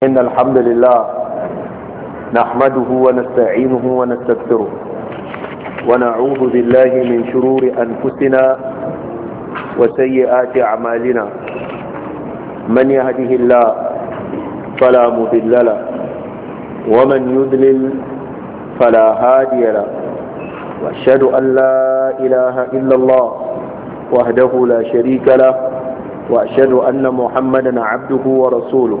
إن الحمد لله نحمده ونستعينه ونستغفره ونعوذ بالله من شرور أنفسنا وسيئات أعمالنا من يهده الله فلا مضل له ومن يذلل فلا هادي له واشهد أن لا إله إلا الله وحده لا شريك له وأشهد أن محمدا عبده ورسوله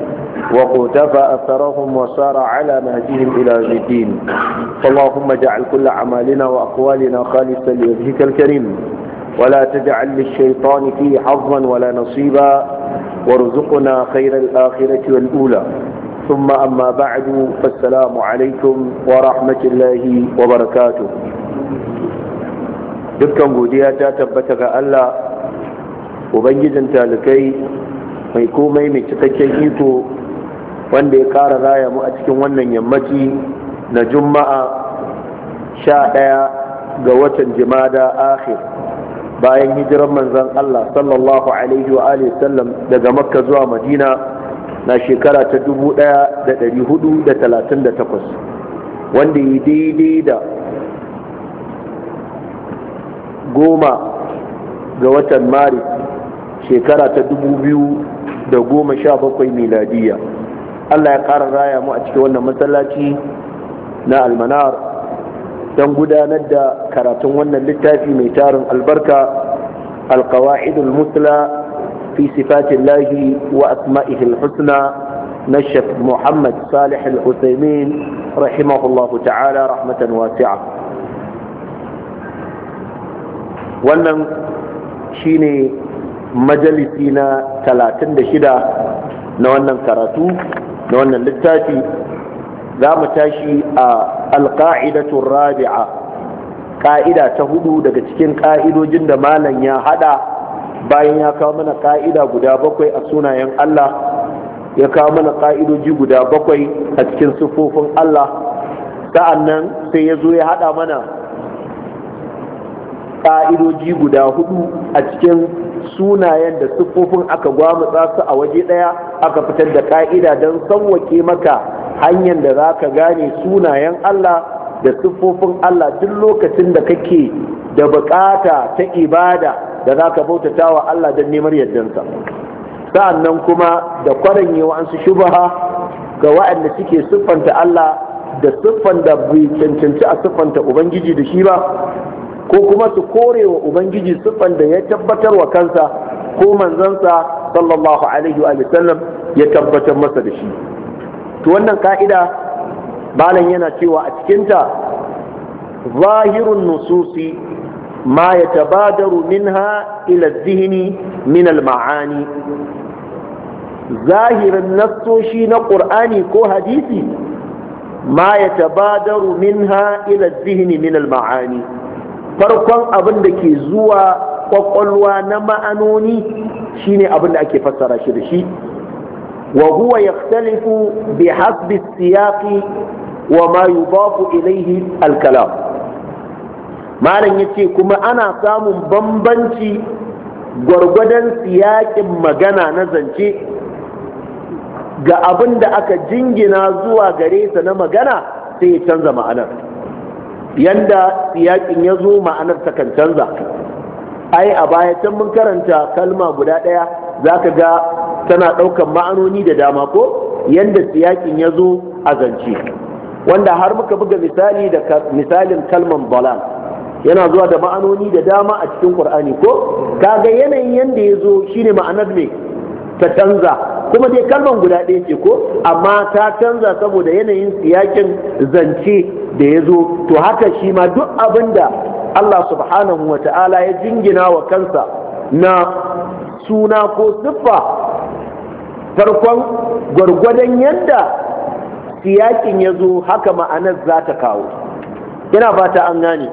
وقتفى أثرهم وسار على نهجهم إلى الدين اللهم اجعل كل عمالنا وأقوالنا خالصا لوجهك الكريم ولا تجعل للشيطان فيه حظا ولا نصيبا وارزقنا خير الآخرة والأولى ثم أما بعد فالسلام عليكم ورحمة الله وبركاته dukkan godiya ta tabbata ga Allah ubangijin talikai mai komai mai cikakken iko wanda ya kara raya mu a cikin wannan yammaci na juma'a sha ɗaya ga watan jimada akhir bayan hijiran manzan Allah sallallahu alaihi wa alihi sallam daga makka zuwa madina na shekara ta 1438 wanda yi daidai da goma ga watan maris shekara ta da goma sha 2017 miladiya Allah ya ƙara raya mu a cikin wannan masallaci na almanar don gudanar da karatun wannan littafi mai tarin albarka alkawa'idul musla fi sifatin lahi wa asma'ihi husna na shaf muhammad salih al-husaymin rahimahullahu ta'ala rahmatan wasi'a wannan shine majalisi na 36 na wannan karatu na wannan littafi za mu tashi a alƙa'idatun rabi'a ƙa'ida ta hudu daga cikin ƙa'idojin da malam ya hada bayan ya kawo mana ƙa'ida guda bakwai a sunayen Allah ya kawo mana ƙa'idoji guda bakwai a cikin siffofin Allah nan sai ya zo ya hada mana ƙa'idoji guda hudu a cikin sunayen da siffofin aka gwamutsa su a waje ɗaya aka fitar da ka'ida don sauwake maka hanyar da za ka gane sunayen Allah da siffofin Allah duk lokacin da kake da bukata ta ibada da za ka bautata wa Allah don neman yardansa sa'annan kuma da kwaranye wa'ansu shubaha ga waɗanda suke siffanta Allah da siffan da bai cancanci a siffanta Ubangiji da shi ba ko kuma su kore wa Ubangiji siffan da ya tabbatar wa kansa ko manzansa sallallahu alaihi wa sallam ya tabbatar masa da shi to wannan ka'ida malam yana cewa a cikinta zahirun nususi ma ya tabadaru minha ila zihini min alma'ani? maani zahirin nassoshi na ƙur'ani ko hadisi ma ya tabadaru minha ila zihini min alma'ani? maani farkon abin da ke zuwa ƙwaƙwalwa na ma'anoni shine abin da ake fassara shi da shi وهو يختلف بحسب السياق وما يضاف إليه الكلام malam ya ce kuma ana samun bambanci gwargwadon siyakin magana na zance ga abin da aka jingina zuwa gare sa na magana sai ya canza ma'anar yanda siyakin ya zo ma'anar ta kan canza ai a baya can mun karanta kalma guda ɗaya za ka ga tana ɗaukar ma'anoni da dama ko yadda siyakin ya zo a zance wanda har muka buga misali da misalin kalman Balan yana zuwa da ma'anoni da dama a cikin Ƙur'ani ko ga yanayin yadda ya zo shi ne ma'anar ne ta canza kuma dai kalman guda ɗaya ce ko amma ta canza saboda yanayin siyakin zance da ya zo to haka shi ma duk abin da Allah subhanahu wa ta'ala ya jingina wa kansa na suna ko siffa farkon gwargwadon yadda siyakin ya zo haka ma'anar za ta kawo yana fata an gane